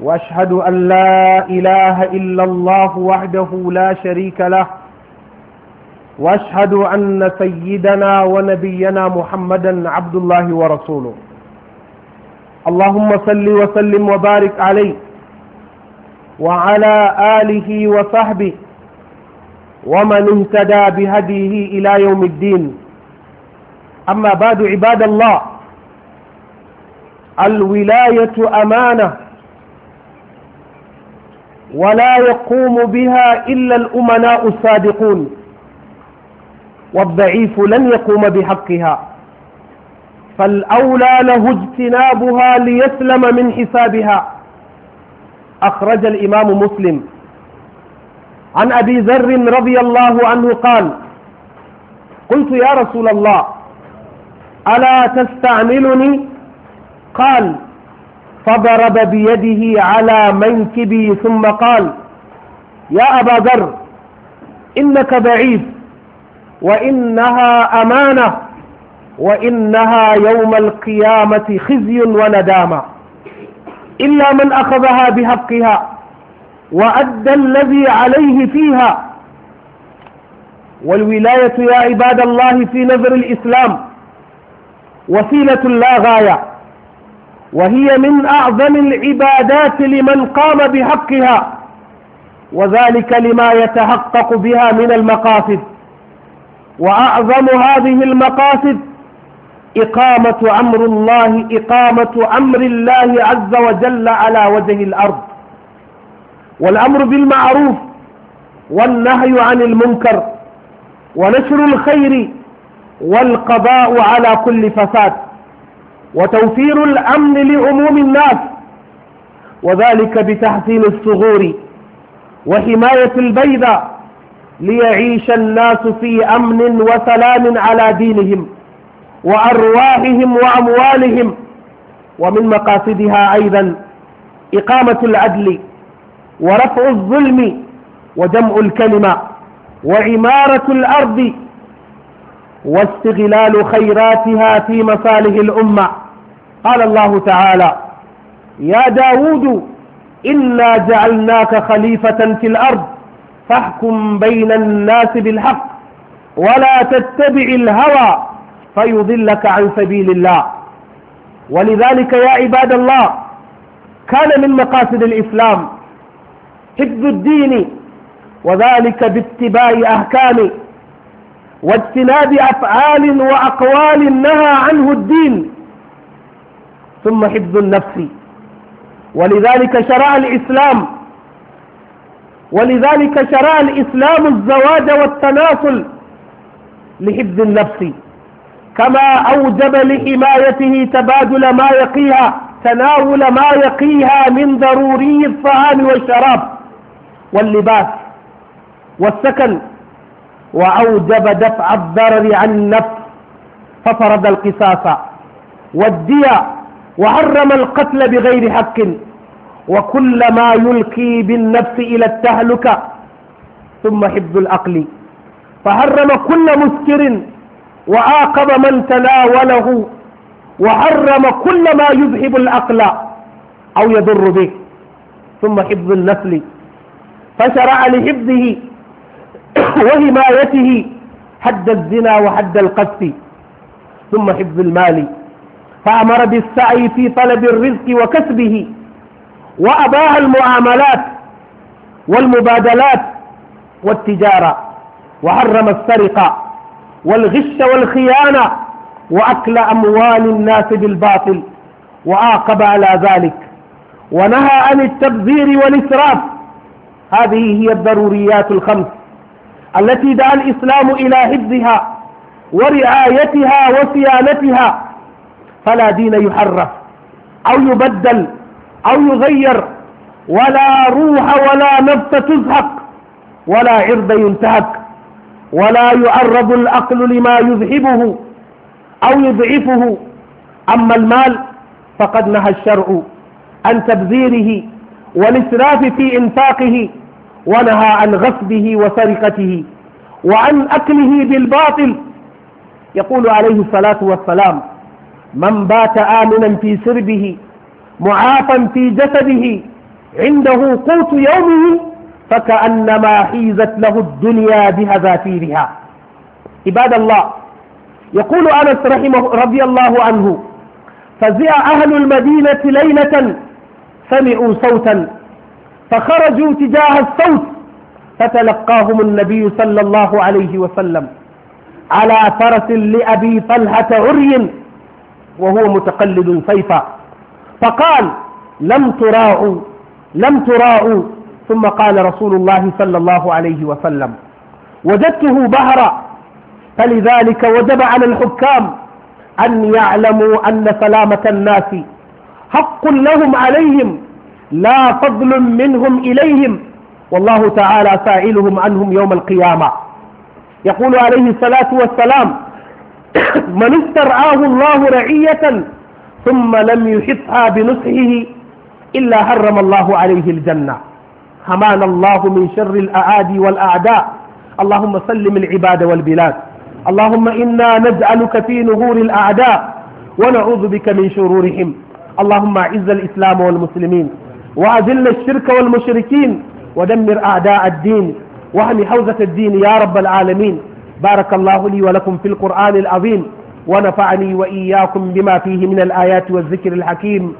واشهد ان لا اله الا الله وحده لا شريك له واشهد ان سيدنا ونبينا محمدا عبد الله ورسوله اللهم صل وسلم وبارك عليه وعلى اله وصحبه ومن اهتدى بهديه الى يوم الدين اما بعد عباد الله الولايه امانه ولا يقوم بها إلا الأمناء الصادقون والضعيف لن يقوم بحقها فالأولى له اجتنابها ليسلم من حسابها أخرج الإمام مسلم عن أبي ذر رضي الله عنه قال قلت يا رسول الله ألا تستعملني قال فضرب بيده على منكبي ثم قال يا أبا ذر إنك بعيد وإنها أمانة وإنها يوم القيامة خزي وندامة إلا من أخذها بحقها وأدى الذي عليه فيها والولاية يا عباد الله في نظر الإسلام وسيلة لا غاية وهي من أعظم العبادات لمن قام بحقها وذلك لما يتحقق بها من المقاصد وأعظم هذه المقاصد إقامة أمر الله إقامة أمر الله عز وجل على وجه الأرض والأمر بالمعروف والنهي عن المنكر ونشر الخير والقضاء على كل فساد وتوفير الأمن لعموم الناس وذلك بتحسين الصغور وحماية البيضة ليعيش الناس في أمن وسلام على دينهم وأرواحهم وأموالهم ومن مقاصدها أيضا إقامة العدل ورفع الظلم وجمع الكلمة وعمارة الأرض واستغلال خيراتها في مصالح الأمة قال الله تعالى يا داود إنا جعلناك خليفة في الأرض فاحكم بين الناس بالحق ولا تتبع الهوى فيضلك عن سبيل الله ولذلك يا عباد الله كان من مقاصد الإسلام حفظ الدين وذلك باتباع أحكامه واجتناب أفعال وأقوال نهى عنه الدين ثم حفظ النفس ولذلك شرع الإسلام ولذلك شرع الإسلام الزواج والتناسل لحفظ النفس كما أوجب لحمايته تبادل ما يقيها تناول ما يقيها من ضروري الطعام والشراب واللباس والسكن وأوجب دفع الضرر عن النفس ففرض القصاص والديا وحرم القتل بغير حق وكل ما يلقي بالنفس إلى التهلكة ثم حفظ العقل فحرم كل مسكر وعاقب من تناوله وحرم كل ما يذهب العقل أو يضر به ثم حفظ النسل فشرع لحفظه وحمايته حد الزنا وحد القتل ثم حفظ المال فأمر بالسعي في طلب الرزق وكسبه وأباح المعاملات والمبادلات والتجارة وحرم السرقة والغش والخيانة وأكل أموال الناس بالباطل وعاقب على ذلك ونهى عن التبذير والإسراف هذه هي الضروريات الخمس التي دعا الإسلام إلى حفظها ورعايتها وصيانتها فلا دين يحرف أو يبدل أو يغير ولا روح ولا نفس تزهق ولا عرض ينتهك ولا يعرض الأقل لما يذهبه أو يضعفه أما المال فقد نهى الشرع عن تبذيره والإسراف في إنفاقه ونهى عن غصبه وسرقته وعن أكله بالباطل يقول عليه الصلاة والسلام من بات آمنا في سربه معافا في جسده عنده قوت يومه فكأنما حيزت له الدنيا بهزافيرها عباد الله يقول أنس رحمه رضي الله عنه فزع أهل المدينة ليلة سمعوا صوتا فخرجوا تجاه الصوت فتلقاهم النبي صلى الله عليه وسلم على فرس لأبي طلحة عري وهو متقلد سيفا فقال لم تراعوا لم تراعوا ثم قال رسول الله صلى الله عليه وسلم وجدته بهرا فلذلك وجب على الحكام أن يعلموا أن سلامة الناس حق لهم عليهم لا فضل منهم إليهم والله تعالى سائلهم عنهم يوم القيامة يقول عليه الصلاة والسلام من استرعاه الله رعية ثم لم يحطها بنصحه إلا هرم الله عليه الجنة حمانا الله من شر الأعادي والأعداء اللهم سلم العباد والبلاد اللهم إنا نجعلك في نهور الأعداء ونعوذ بك من شرورهم اللهم أعز الإسلام والمسلمين وأذل الشرك والمشركين ودمر أعداء الدين واهم حوزة الدين يا رب العالمين بارك الله لي ولكم في القرآن العظيم ونفعني وإياكم بما فيه من الآيات والذكر الحكيم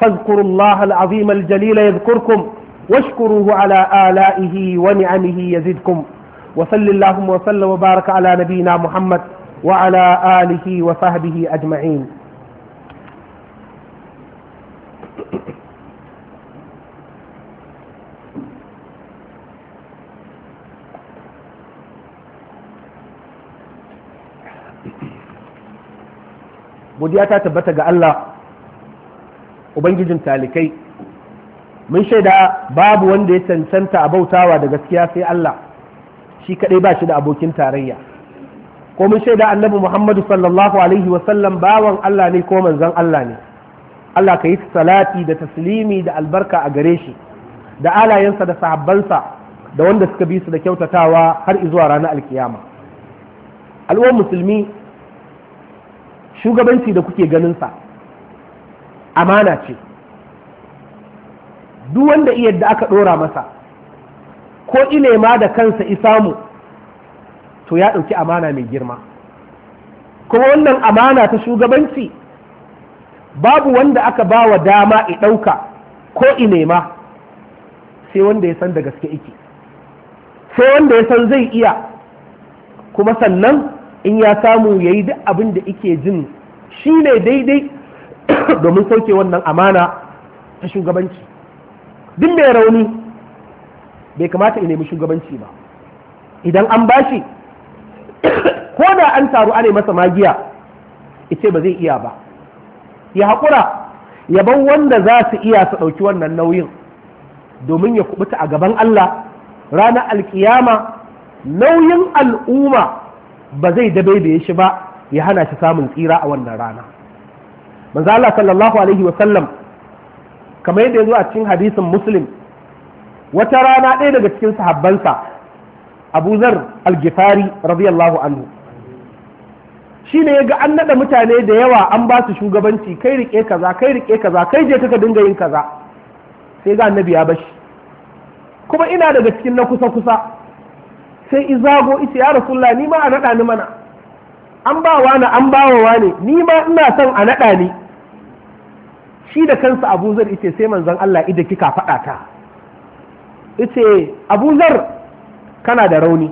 فاذكروا الله العظيم الجليل يذكركم واشكروه على آلائه ونعمه يزدكم وصل اللهم وسلم وبارك على نبينا محمد وعلى آله وصحبه أجمعين godiya ta tabbata ga Allah ubangijin talikai mun shaida babu wanda ya cancanta a bautawa da gaskiya sai Allah shi kaɗai ba shi da abokin tarayya ko mun shaida annabi Muhammadu sallallahu alaihi wasallam bawan Allah ne ko manzon Allah ne Allah ka yi salati da taslimi da albarka a gare shi da alayensa da sahabbansa da wanda suka bi su da kyautatawa har izuwa ranar alkiyama al'uwar musulmi shugabanci da kuke ganinsa amana ce duk wanda iya da aka ɗora masa ko ma da kansa isamu to ya ɗauki amana mai girma kuma wannan amana ta shugabanci babu wanda aka ba wa dama i ɗauka ko inema sai wanda ya san da gaske ike sai wanda ya san zai iya kuma sannan in ya samu ya yi duk abin da ike jin shi ne daidai domin sauke wannan amana ta shugabanci duk mai rauni bai kamata ya nemi shugabanci ba idan an bashi ko da an taru ana masa magiya ice ba zai iya ba ya haƙura ya yaban wanda za su iya su ɗauki wannan nauyin domin ya kubuta a gaban Allah ranar alkiyama nauyin al'umma ba zai dabaibaye shi ba ya hana shi samun tsira a wannan rana manzo Allah sallallahu alaihi wa sallam kamar yadda yazo a cikin hadisin muslim wata rana ɗaya daga cikin sahabbansa Abu Zar Al-Ghifari radiyallahu anhu shi ne ya ga an naɗa mutane da yawa an ba su shugabanci kai rike kaza kai rike kaza kai je kaka dinga yin kaza sai ga annabi ya bashi kuma ina daga cikin na kusa kusa sai zago ita ya rasulla ni ma a naɗa ni mana an ba na an ba wa ni ma ina son a naɗa ni shi da kansa abuzar zar ita sai manzon Allah idan kika faɗa ta ita abu zar kana da rauni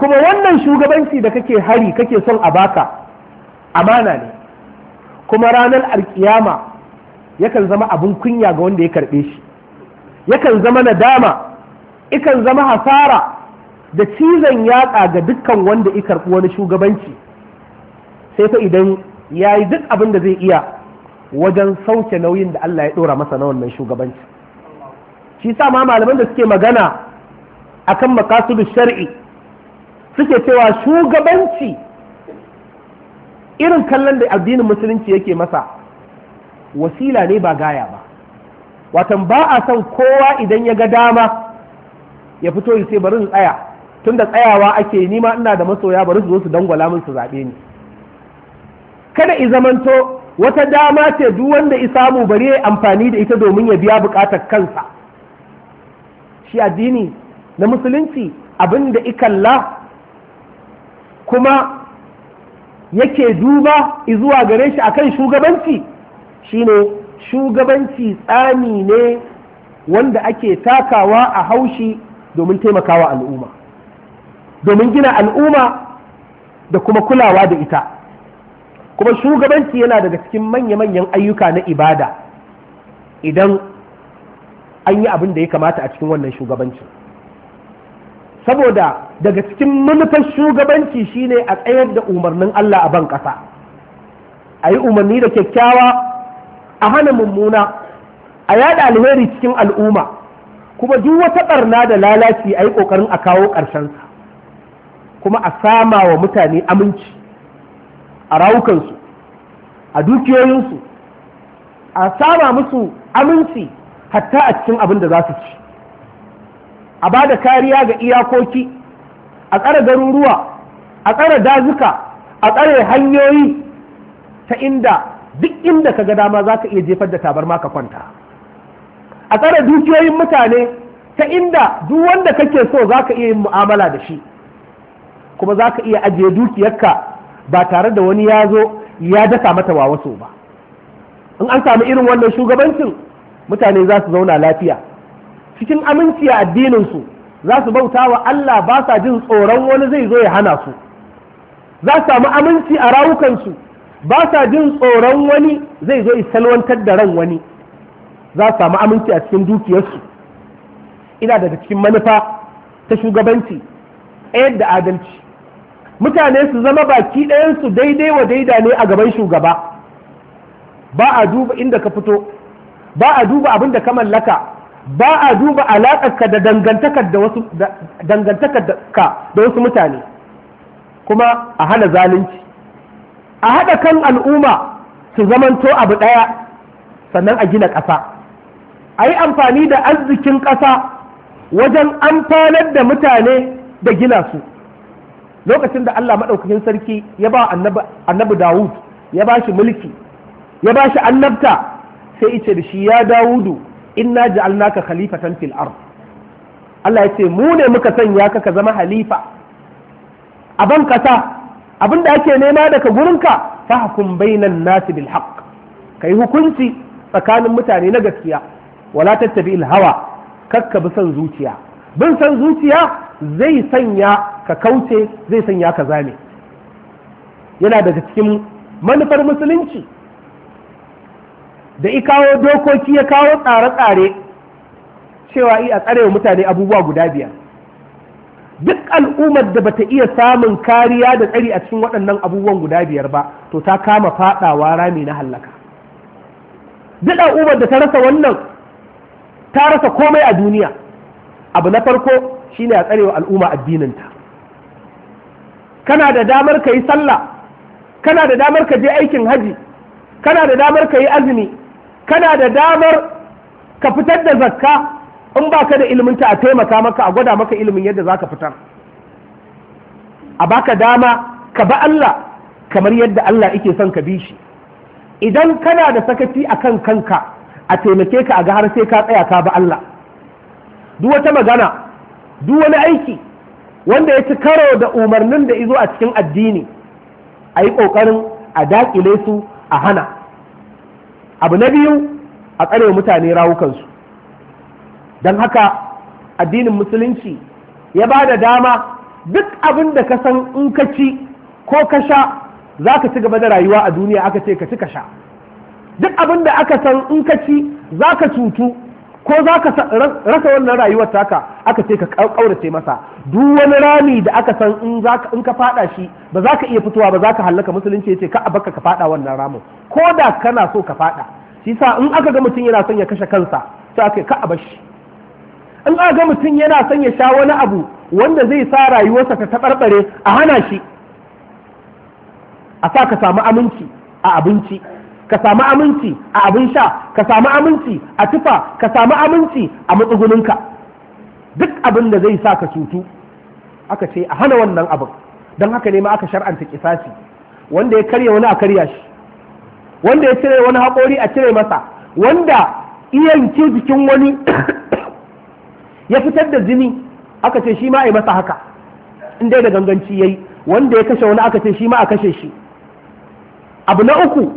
kuma wannan shugabanci da kake hari kake son a baka amana ne kuma ranar alkiyama yakan zama abin kunya ga wanda ya karɓe shi yakan zama nadama ikan zama hasara da cizon yatsa ga dukkan wanda ya karɓi wani shugabanci sai fa idan ya yi duk abin da zai iya wajen sauke nauyin da Allah ya ɗora masa na wannan shugabanci shi sa ma malaman da suke magana akan makasudu shari'i suke cewa shugabanci irin kallon da addinin musulunci yake masa wasila ne ba gaya ba watan ba a son kowa idan ya ga dama ya fito ya bari in tsaya tun da tsayawa ake ni ma ina da masoya bari su zo su dangwala min su zaɓe ni kada i zamanto wata dama ce duk wanda i samu bari ya amfani da ita domin ya biya buƙatar kansa shi addini na musulunci abin da ikalla kuma yake duba i zuwa gare shi akan shugabanci shine shugabanci tsami ne wanda ake takawa a haushi domin taimakawa al'umma domin gina al'umma da kuma kulawa da ita kuma shugabanci yana daga cikin manya-manyan ayyuka na ibada idan an yi abin da ya kamata a cikin wannan shugabancin saboda daga cikin manufar shugabanci shine a tsayar da umarnin Allah a ban ƙasa a yi umarni da kyakkyawa a hana mummuna a yada alheri cikin al'umma kuma duk wata ɓarna da lalaci a yi ƙoƙarin a kawo ƙarshensa kuma a sama wa mutane aminci a rawukansu a dukiyoyinsu a sama musu aminci hatta a cikin abin da za su ci a ba da kariya ga iyakoki a tsara garuruwa a tsara dazuka a tsare hanyoyi ta inda duk inda ka ga dama za ka iya jefar da ma ka kwanta a tsara dukiyoyin mutane ta inda duk wanda kake so za ka iya yin mu'amala da shi kuma za ka iya ajiye dukiyarka ba tare da wani ya zo ya dasa mata wa wasu ba in an samu irin wannan shugabancin mutane za su zauna lafiya cikin aminci a addininsu za su bauta wa Allah ba sa jin tsoron wani zai zo ya hana su za su samu aminci a rawukansu ba sa jin tsoron wani zai zo salwantar da ran wani za su samu aminci a cikin dukiyarsu ina daga cikin manufa ta shugabanci ɗayar da adalci mutane su zama baki ɗayansu daidai wa daida ne a gaban shugaba ba a duba inda ka fito ba a duba abin da ka mallaka ba a duba alaƙarka da dangantakar ka da wasu mutane kuma a hana zalunci a haɗa kan al'umma su zamanto abu ɗaya sannan a gina ƙasa a yi amfani da arzikin ƙasa wajen amfanar da mutane da gina su lokacin da Allah maɗaukakin sarki ya ba annabi Dawud ya ba shi mulki ya ba shi annabta sai ice da shi ya Dawudu inna ja'alnaka khalifatan fil ard Allah ya ce mu ne muka sanya ka ka zama halifa a ban abin da ake nema daga gurinka fahkum bainan nasi bil haqq kai hukunci tsakanin mutane na gaskiya wala tattabi hawa kakka bi son zuciya bin son zuciya zai sanya ka kauce zai sanya ka zame yana daga cikin manufar musulunci da ikawo dokoki ya kawo tsare-tsare cewa a tsare wa mutane abubuwa guda biyar duk al'ummar da bata iya samun kariya da tsari a cikin waɗannan abubuwan guda biyar ba to ta kama faɗawa rami na hallaka duk al'ummar da ta rasa wannan ta rasa komai a duniya abu na farko shine a tsarewa al'umma addininta kana da damar ka yi sallah kana da damar ka je aikin haji kana da damar ka yi azumi kana da damar ka fitar da zakka in ba ka da iliminta a taimaka maka a gwada maka ilimin yadda za ka fitar a baka dama ka ba Allah kamar yadda Allah yake son ka bi shi idan kana da sakaci a kan kanka a taimake ka a ga har sai ka tsaya ka ba Allah duk wata magana duk wani aiki wanda ya ci karo da umarnin da izo a cikin addini a yi ƙoƙarin a daƙile su a hana abu na biyu a tsare mutane rawukansu don haka addinin musulunci ya ba da dama duk abin da ka san in ka ci ko ka sha za ka ci gaba da rayuwa a duniya aka ce ka ci ka sha duk abin da aka san in ka ci za ka cutu ko za ka rasa wannan rayuwar taka aka ce ka kaurace masa duk wani rami da aka san in ka fada shi ba za ka iya fitowa ba za ka hallaka musulunci yace ka a baka ka fada wannan ramin ko da kana so ka fada shi sa in aka ga mutum yana son ya kashe kansa sai aka ka a bashi in aka ga mutum yana son ya sha wani abu wanda zai sa rayuwarsa ta tabarbare a hana shi a sa ka samu aminci a abinci ka samu aminci a abin sha ka samu aminci a tufa ka samu aminci a matsuguninka duk abin da zai sa ka cutu aka ce a hana wannan abin don haka ne ma aka shar'anta kisasi wanda ya karya wani a karya shi wanda ya cire wani haƙori a cire masa wanda iyanke jikin wani ya fitar da jini aka ce shi ma a masa haka in dai da ganganci ya yi, wanda ya kashe wani aka ce shi ma a kashe shi abu na uku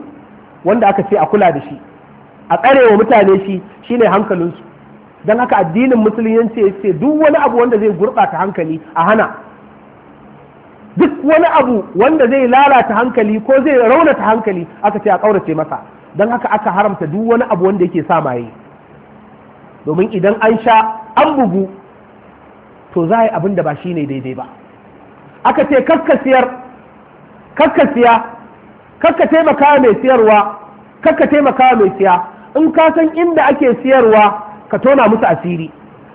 wanda aka ce a kula da shi a karewa mutane shi shine hankalinsu don haka addinin musulunci ya ce duk wani abu wanda zai gurɓata hankali a hana duk wani abu wanda zai lalata hankali ko zai raunata hankali aka ce a ƙaurace masa don haka aka haramta duk wani abu wanda yake sa maye domin idan an sha an bugu to za a yi abin da ba shi ne daidai ba aka ce kaskasiyar kaskasiya kakka taimaka mai siyarwa kakka taimaka mai siya in ka san inda ake siyarwa ka tona musu asiri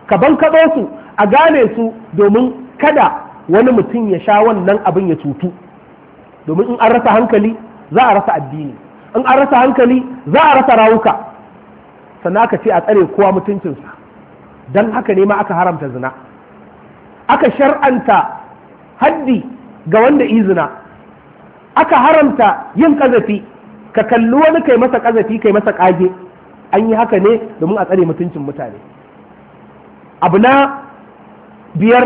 ka bankaɗo su a gane su domin kada wani mutum ya sha wannan abin ya cutu domin in an rasa hankali za a rasa addini in an rasa hankali za a rasa rawuka sannan aka ce a tsare kowa mutuncinsa don haka ne ma aka haramta zina aka shar'anta haddi ga wanda izina aka haramta yin ƙazafi ka kalli wani kai masa kazafi kai masa kage an yi haka ne domin a tsare mutuncin mutane abu na biyar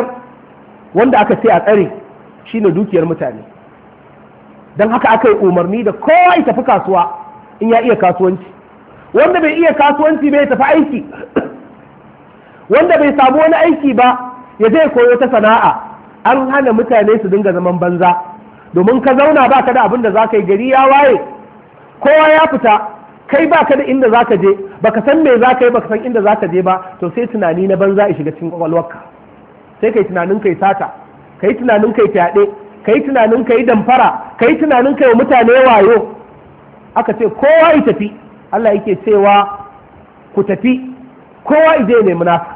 wanda aka ce a tsare shine dukiyar mutane don haka aka yi umarni da kowa ya tafi kasuwa in ya iya kasuwanci wanda bai iya kasuwanci bai tafi aiki wanda bai samu wani aiki ba ya zai koyo ta sana'a an hana mutane su dinga zaman banza domin ka zauna ba ka da abin da za ka yi gari ya waye kowa ya fita kai ba ka da inda za ka je ba ka san me za ka yi ba ka san inda za ka je ba to sai tunani na banza a shiga cikin kwakwalwarka sai ka yi tunanin ka yi sata ka yi tunanin ka yi fyaɗe ka yi tunanin ka yi damfara ka yi tunanin ka yi mutane wayo aka ce kowa ya tafi Allah yake cewa ku tafi kowa ije ne munafik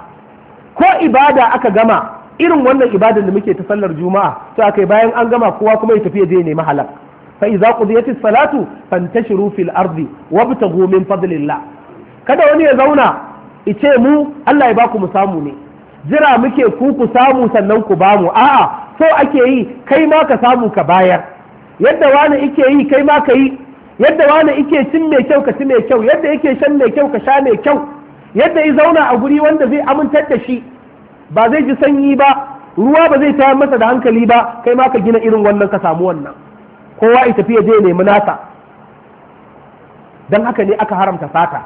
ko ibada aka gama irin wannan ibadar da muke ta sallar juma'a to akai bayan an gama kowa kuma ya tafi ya je ne halak fa idza qudiyatis salatu fantashiru fil ardi wabtaghu min fadlillah kada wani ya zauna ice mu Allah ya baku mu samu ne jira muke ku ku samu sannan ku bamu a'a so ake yi kai ma ka samu ka bayar yadda wani ike yi kai ma ka yi yadda wani ike cin mai kyau ka ci mai kyau yadda yake shan mai kyau ka sha mai kyau yadda ya zauna a guri wanda zai amintar da shi ba zai ji sanyi ba ruwa ba zai tayar masa da hankali ba kai ma ka gina irin wannan ka samu wannan kowa ya tafiya je nemi nasa don haka ne aka haramta fata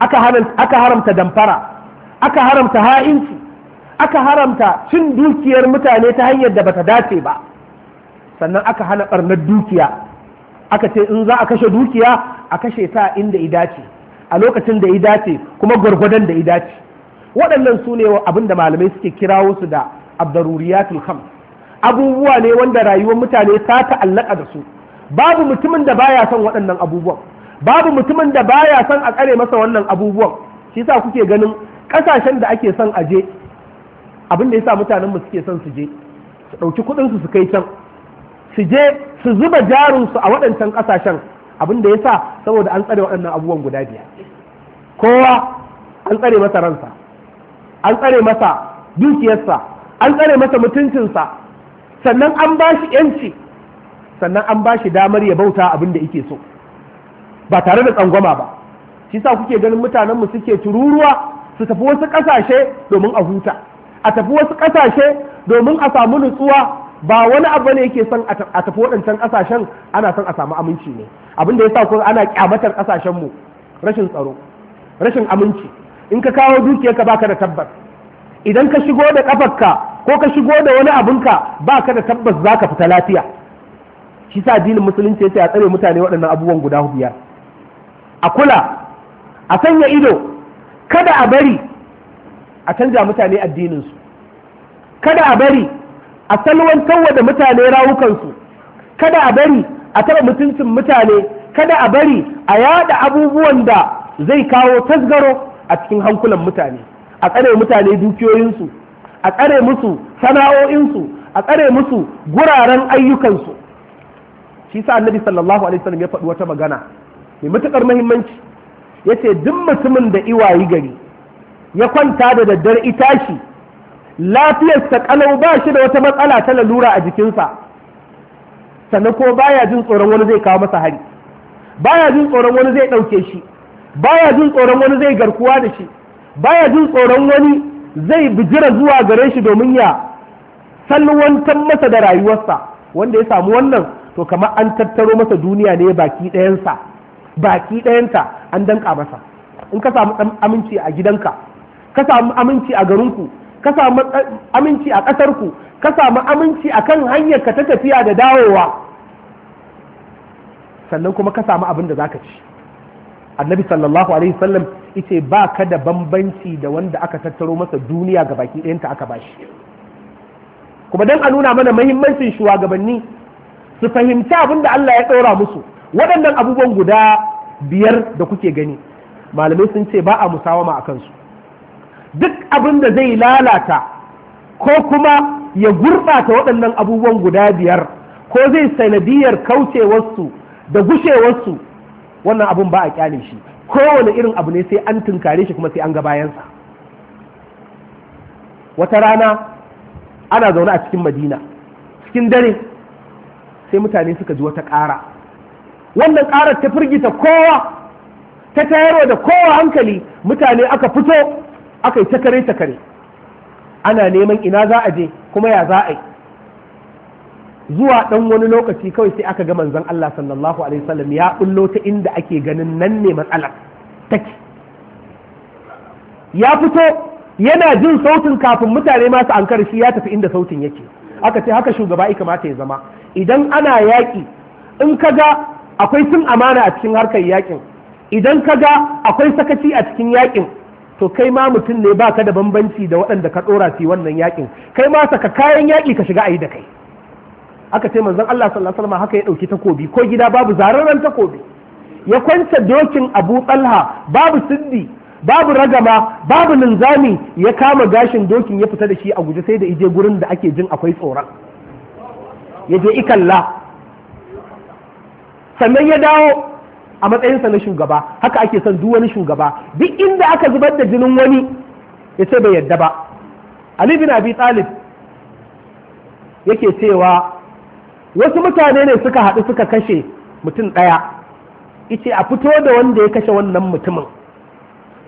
aka haramta damfara aka haramta ha'inci aka haramta cin dukiyar mutane ta hanyar da bata dace ba sannan aka hana barnar dukiya aka ce in za a kashe dukiya a kashe ta inda i dace a lokacin da i dace kuma gwargwadon da i dace waɗannan su ne abin da malamai suke kirawo su da abdaruriyatul kham abubuwa ne wanda rayuwar mutane ta ta'allaka da su babu mutumin da baya son waɗannan abubuwan babu mutumin da baya son a tsare masa wannan abubuwan shi sa kuke ganin ƙasashen da ake son aje abin da yasa mutanen mu suke son su je su ɗauki kuɗin su su kai can su je su zuba jarin su a waɗancan ƙasashen abin da yasa saboda an tsare waɗannan abubuwan guda biyar kowa an tsare masa ransa an tsare masa dukiyarsa an tsare masa mutuncinsa sannan an ba shi yanci sannan an ba shi damar ya bauta abin da yake so ba tare da tsangwama ba shi sa kuke ganin mutanenmu suke tururuwa su tafi wasu ƙasashe domin a huta a tafi wasu ƙasashe domin a samu nutsuwa ba wani abu ne yake son a tafi waɗancan ƙasashen ana son a samu aminci ne abin da ya sa kuma ana ƙyamatar ƙasashenmu rashin tsaro rashin aminci in ka kawo dukiyarka baka da tabbas idan ka shigo da kafarka ko ka shigo da wani abinka baka da tabbas zaka fita lafiya shi sa dinin musulunci ya ce a tsare mutane waɗannan abubuwan guda biyar a kula a sanya ido kada a bari a canja mutane addininsu kada a bari a salwantarwa da mutane rawukansu kada a bari a taɓa mutuncin mutane kada a bari a yada abubuwan da zai kawo tasgaro a cikin hankulan mutane a tsare mutane dukiyoyinsu a tsare musu sana'o'insu a tsare musu guraren ayyukansu shi sa annabi sallallahu alaihi wasallam ya faɗi wata magana mai matukar muhimmanci ce duk mutumin da iwayi gari ya kwanta da daddare itashi lafiyarsa kalau ba shi da wata matsala ta lalura a jikinsa sannan ko baya jin tsoron wani zai kawo masa hari baya jin tsoron wani zai ɗauke shi baya jin tsoron wani zai garkuwa da shi baya jin tsoron wani zai bijira zuwa gare shi domin ya salwantar masa da rayuwarsa wanda ya samu wannan to kamar an tattaro masa duniya ne baki ɗayansa baki ɗayanta an danka masa in ka samu aminci a gidanka ka samu aminci a garinku ka samu aminci a ƙasarku ka samu aminci a kan hanyar ka ta tafiya da dawowa sannan kuma ka samu abin da za ka ci annabi sallallahu alaihi wasallam yace ba ka da bambanci da wanda aka tattaro masa duniya ga baki ɗayanta aka bashi kuma dan a nuna mana mahimmancin shugabanni su fahimci abin da Allah ya ɗora musu waɗannan abubuwan guda biyar da kuke gani malamai sun ce ba a musawama a kansu duk abin da zai lalata ko kuma ya gurɓata waɗannan abubuwan guda biyar ko zai sanadiyar kaucewarsu da gushewarsu wannan abun ba a kyale shi kowane irin abu ne sai an tunkare shi kuma sai an ga bayansa wata rana ana zaune a cikin madina cikin dare sai mutane suka ji wata ƙara wannan ƙarar ta firgita kowa ta tayarwa da kowa hankali mutane aka fito aka yi takare takare ana neman ina za a je kuma ya za a yi zuwa ɗan wani lokaci kawai sai aka ga manzan Allah sallallahu alaihi wasallam ya bullo ta inda ake ganin nan ne matsalar take ya fito yana jin sautin kafin mutane masu ankar shi ya tafi inda sautin yake aka ce haka shugaba ya kamata ya zama idan ana yaƙi in ka ga akwai sun amana a cikin harkar yaƙin idan ka ga akwai sakaci a cikin yaƙin to kai ma mutum ne baka da bambanci da waɗanda ka ɗora su wannan yaƙin kai ma saka kayan yaƙi ka shiga a yi da kai aka ce manzon Allah sallallahu alaihi wasallam haka ya dauki takobi ko gida babu zararren takobi ya kwanta dokin Abu Talha babu siddi babu ragama babu linzami ya kama gashin dokin ya fita da shi a guje sai da ije gurin da ake jin akwai tsoron ya je ikalla sannan ya dawo a matsayin sa na shugaba haka ake son duk wani shugaba duk inda aka zubar da jinin wani ya ce bai yadda ba Ali bin Abi Talib yake cewa wasu mutane ne suka haɗu suka kashe mutum ɗaya ice a fito da wanda ya kashe wannan mutumin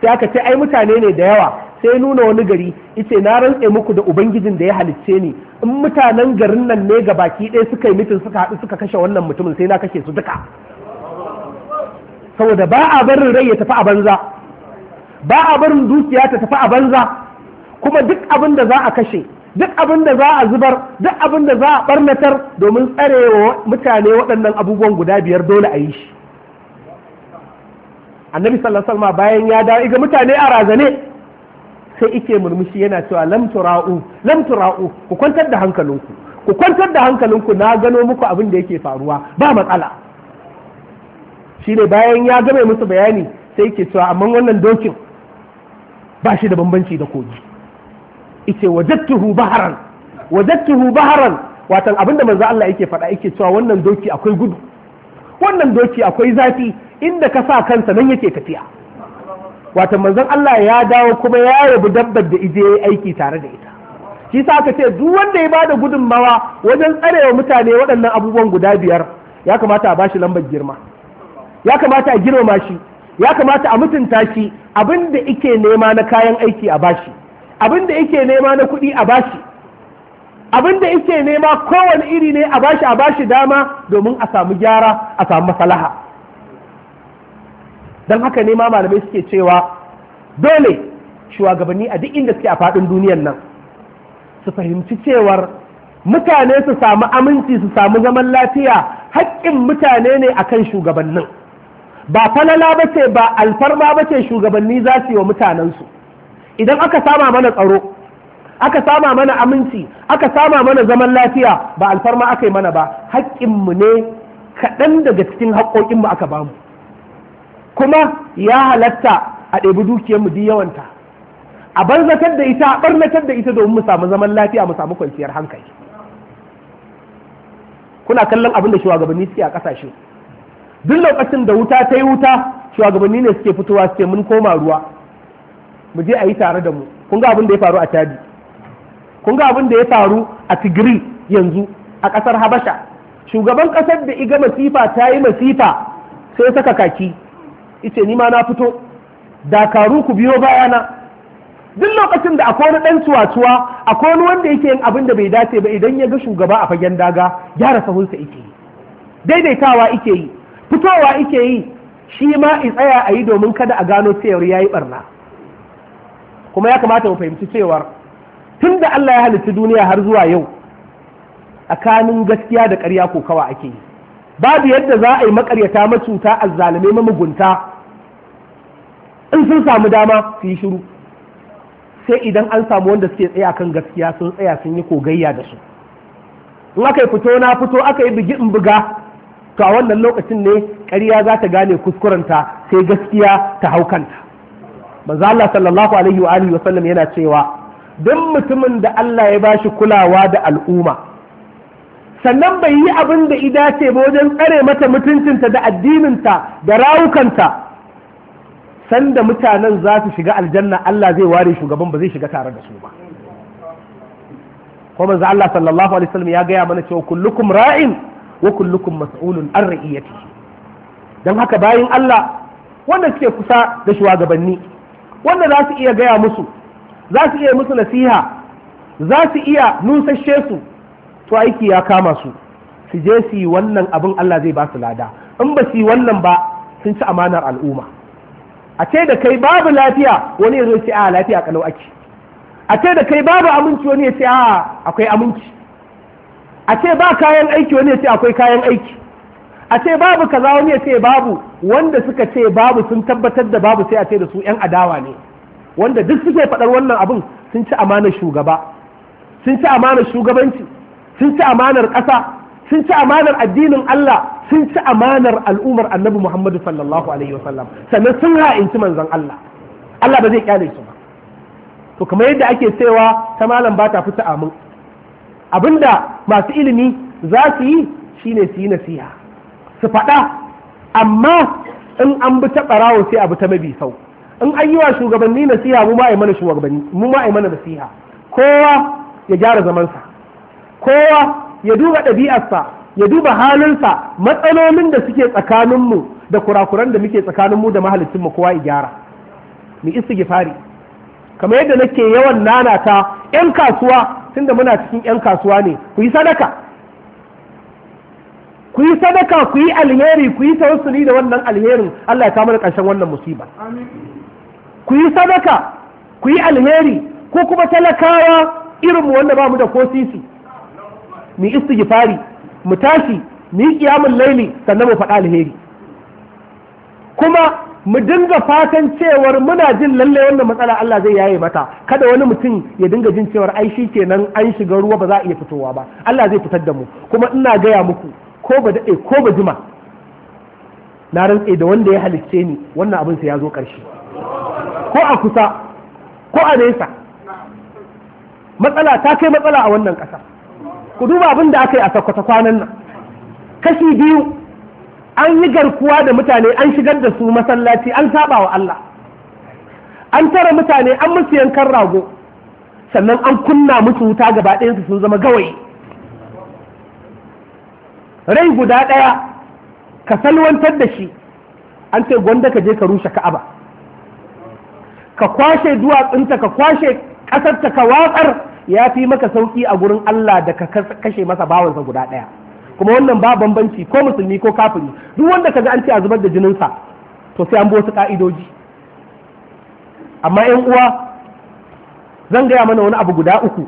sai aka ce ai mutane ne da yawa sai nuna wani gari ice na rantse muku da ubangijin da ya halicce ni in mutanen garin nan ne ga baki ɗaya suka yi mitin suka haɗu suka kashe wannan mutumin sai na kashe su duka saboda ba a barin rai ya tafi a banza ba a barin dukiya ta tafi a banza kuma duk abin da za a kashe duk abin da za a zubar duk abin da za a barnatar domin tsare wa mutane waɗannan abubuwan guda biyar dole a yi shi annabi sallallahu bayan ya dawo iga mutane a razane sai ike murmushi yana cewa lam tura'u lam tura'u ku kwantar da hankalinku ku kwantar da hankalinku na gano muku abin da yake faruwa ba matsala shine bayan ya game musu bayani sai ke cewa amma wannan dokin ba shi da bambanci da kogi ice wajattuhu baharan wajattuhu baharan watan abinda manzo Allah yake faɗa yake cewa wannan doki akwai gudu wannan doki akwai zafi inda ka sa kansa nan yake tafiya watan manzon Allah ya dawo kuma ya rabu dabbar da ije aiki tare da ita shi sa aka ce duk wanda ya bada gudunmawa wajen tsarewa mutane waɗannan abubuwan guda biyar ya kamata a bashi lambar girma ya kamata a girmama shi ya kamata a mutunta shi abin da ike nema na kayan aiki a bashi abin da yake nema na kuɗi a bashi abin da yake nema kowane iri ne a bashi a bashi dama domin a samu gyara a samu masalaha don haka nema malamai suke cewa dole shugabanni a duk inda suke a faɗin duniyan nan su fahimci cewar mutane su samu aminci su samu zaman lafiya haƙƙin mutane ne akan shugabannin ba falala ba ce ba alfarma ba ce shugabanni za su yi wa mutanensu idan aka sama mana tsaro aka sama mana aminci aka sama mana zaman lafiya ba alfarma aka yi mana ba haƙƙinmu ne kaɗan daga cikin haƙƙoƙinmu aka bamu kuma ya halatta a ɗebi dukiyarmu duk yawanta a banzatar da ita a ɓarnatar da ita domin mu samu zaman lafiya mu samu kwanciyar hankali kuna kallon abin da shugabanni suke a ƙasashe duk lokacin da wuta ta yi wuta shugabanni ne suke fitowa suke mun koma ruwa mu je a yi tare da mu kun ga abin da ya faru a Chadi kun ga abin da ya faru a yanzu a ƙasar Habasha shugaban ƙasar da iga masifa ta yi masifa sai saka kaki ice ni ma na fito dakaru ku biyo bayana duk lokacin da akwai wani ɗan cuwa-cuwa akwai wani wanda yake yin abin da bai dace ba idan ya ga shugaba a fagen daga gyara sahunsa ike yi daidaitawa ike yi fitowa ike yi shi ma i tsaya a yi domin kada a gano cewar ya yi barna kuma ya kamata mu fahimci cewar tun da Allah ya halitta duniya har zuwa yau tsakanin gaskiya da ƙarya ko kawa ake yi babu yadda za a yi makaryata macuta azzalume mamugunta in sun samu dama su yi shiru sai idan an samu wanda suke tsaya kan gaskiya sun tsaya sun yi kogayya da su in aka yi fito na fito aka yi bigi in buga to a wannan lokacin ne ƙarya za ta gane kuskurenta sai gaskiya ta hau kanta manzo sallallahu alaihi wa alihi wasallam yana cewa duk mutumin da Allah ya bashi kulawa da al'umma sannan bai yi abin da ida ce ba wajen tsare mata mutuncinta da addininta da rawukanta sanda mutanen za su shiga aljanna Allah zai ware shugaban ba zai shiga tare da su ba ko manzo Allah sallallahu alaihi wasallam ya gaya mana cewa kullukum ra'in wa kullukum mas'ulun an ra'iyatihi dan haka bayin Allah wanda suke kusa da shugabanni wanda za su iya gaya musu za su iya musu nasiha za su iya nusashe su to aiki ya kama su su je su yi wannan abin Allah zai ba su lada in ba su yi wannan ba sun ci amanar al'umma a ce da kai babu lafiya wani ya zo ce a ah, lafiya kalau ake a ce da kai babu aminci wani ya ce a ah, akwai aminci a ce ba kayan aiki wani ya ce akwai kayan aiki a ce babu kaza wani ya ce babu wanda suka ce babu sun tabbatar da babu sai a ce da su 'yan adawa ne wanda duk suke faɗar wannan abin sun ci amanar shugaba sun ci amanar shugabanci sun ci amanar ƙasa sun ci amanar addinin Allah sun ci amanar al'ummar annabi Muhammadu sallallahu alaihi wasallam sannan sun ha'inci manzon Allah Allah ba zai kyale su ba to kamar yadda ake cewa ta malam ba ta fita amin abinda masu ilimi za su yi shine su yi nasiha su faɗa amma in an bi ta ɓarawo sai abu ta mabi sau in an yi wa shugabanni nasiha mu ma mana shugabanni mu mana nasiha kowa ya gyara zamansa kowa ya duba ɗabi'arsa ya duba halinsa matsalolin da suke tsakaninmu da kurakuran da muke tsakaninmu da mahalicinmu kowa ya gyara mu istighfari kamar yadda nake yawan nanata 'yan kasuwa tunda muna cikin 'yan kasuwa ne ku yi sadaka ku yi sadaka ku yi alheri ku yi da wannan alherin Allah ya kawo da ƙarshen wannan musiba ku yi sadaka ku yi alheri ko kuma talakawa irinmu mu wanda ba da ko sisi mu istighfari mu tashi mu yi kiyamul laili sannan mu faɗa alheri kuma mu dinga fatan cewar muna jin lalle wannan matsala Allah zai yaye mata kada wani mutum ya dinga jin cewar ai shi kenan an shiga ruwa ba za a iya fitowa ba Allah zai fitar da mu kuma ina gaya muku ko ba daɗe ko ba jima na rantse da wanda ya halicce ni wannan abinsa ya zo ƙarshe ko a kusa ko a nesa matsala ta kai matsala a wannan ƙasa ku duba abin da aka yi a sakwata kwanan nan kashi biyu an yi garkuwa da mutane an shigar da su masallaci an saba wa Allah an tara mutane an musu yankan rago sannan an kunna musu wuta gaba ɗayansu sun zama gawayi rai guda ɗaya ka salwantar da shi an ce gwanda ka je ka rushe ka'aba ka kwashe duwatsunta ka kwashe ƙasarta ka watsar ya fi maka sauƙi a gurin Allah da ka kashe masa bawansa guda ɗaya kuma wannan ba bambanci ko musulmi ko kafiri duk wanda ka ga an ce a zubar da jininsa to sai an bi wasu ka'idoji amma yan uwa zan gaya mana wani abu guda uku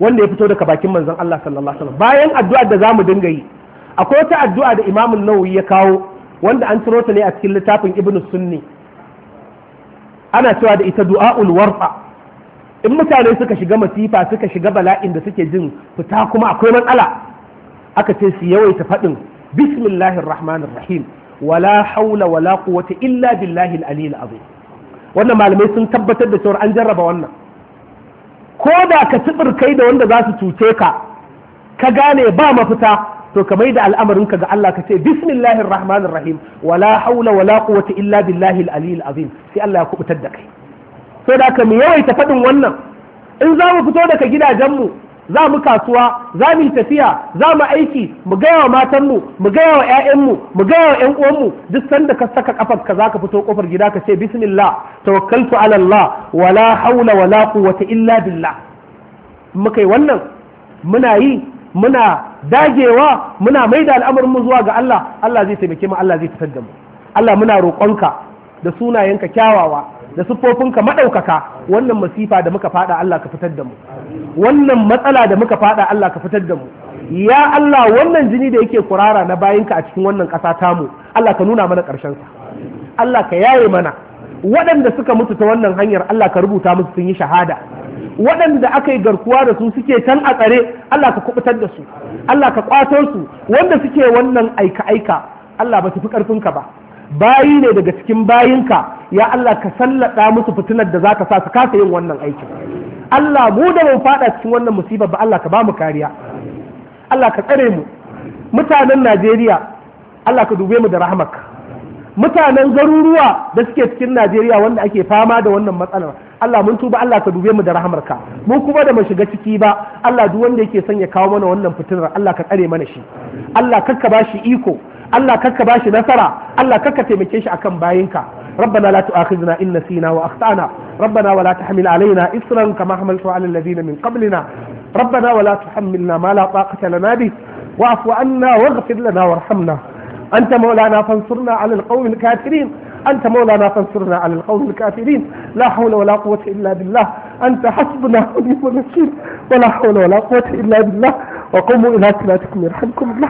wanda ya fito daga bakin manzon Allah sallallahu alaihi wasallam bayan addu'ar da zamu dinga yi akwai wata addu'a da imamun nawawi ya kawo wanda an ciro ta ne a cikin littafin ibn sunni ana cewa da ita du'a'ul warfa in mutane suka shiga masifa suka shiga bala'in da suke jin fita kuma akwai matsala aka ce su yawaita faɗin bismillahir rahmanir rahim wala haula wala quwwata illa billahi al-aliyyil azim wannan malamai sun tabbatar da cewa an jarraba wannan ko da ka tsibir kai da wanda za su cuce ka ka gane ba mafita to ka mai da al'amarin ka ga Allah ka ce bismillahir rahmanir rahim wala haula wala quwwata illa billahi al azim sai Allah ya kubutar da kai sai da ka mu yawaita faɗin wannan in za mu fito daga gidajenmu za mu kasuwa za mu tafiya za mu aiki mu gaya wa matanmu mu gaya wa 'ya'yanmu mu gaya wa 'yan uwanmu duk sanda ka saka kafar ka za ka fito kofar gida ka ce bismillah tawakkaltu ala Allah wala haula wala quwwata illa billah muka yi wannan muna yi muna dagewa muna mai da al'amarin mu zuwa ga Allah Allah zai taimake mu Allah zai fitar da mu Allah muna roƙonka da sunayenka kyawawa da siffofinka maɗaukaka wannan masifa da muka fada Allah ka fitar da mu wannan matsala da muka fada Allah ka fitar da mu ya Allah wannan jini da yake kurara na bayinka a cikin wannan ƙasa tamu Allah ka nuna mana ƙarshen sa Allah ka yaye mana waɗanda suka mutu ta wannan hanyar Allah ka rubuta musu sun yi shahada waɗanda aka yi garkuwa da su suke can a tsare Allah ka kubutar da su Allah ka kwato su wanda suke wannan aika aika Allah ba su fi ƙarfinka ba bayi ne daga cikin bayinka ya Allah ka sallada musu fitinar da za zaka sa su kasa yin wannan aikin Allah mu da mun faɗa cikin wannan musiba ba Allah ka ba mu kariya Allah ka tsare mu mutanen Najeriya Allah ka dube mu da rahamarka mutanen garuruwa da suke cikin Najeriya wanda ake fama da wannan matsalar Allah mun tuba Allah ka dube mu da rahamarka mun kuma da mu shiga ciki ba Allah duk wanda yake son ya kawo mana wannan fitinar Allah ka tsare mana shi Allah ba shi iko Allah ba bashi nasara Allah karka taimake shi akan bayinka ربنا لا تؤاخذنا إن نسينا وأخطأنا ربنا ولا تحمل علينا إصرا كما حملته على الذين من قبلنا ربنا ولا تحملنا ما لا طاقة لنا به واعف عنا واغفر لنا وارحمنا أنت مولانا فانصرنا على القوم الكافرين أنت مولانا فانصرنا على القوم الكافرين لا حول ولا قوة إلا بالله أنت حسبنا ونعم الوكيل ولا حول ولا قوة إلا بالله وقوموا إلى صلاتكم يرحمكم الله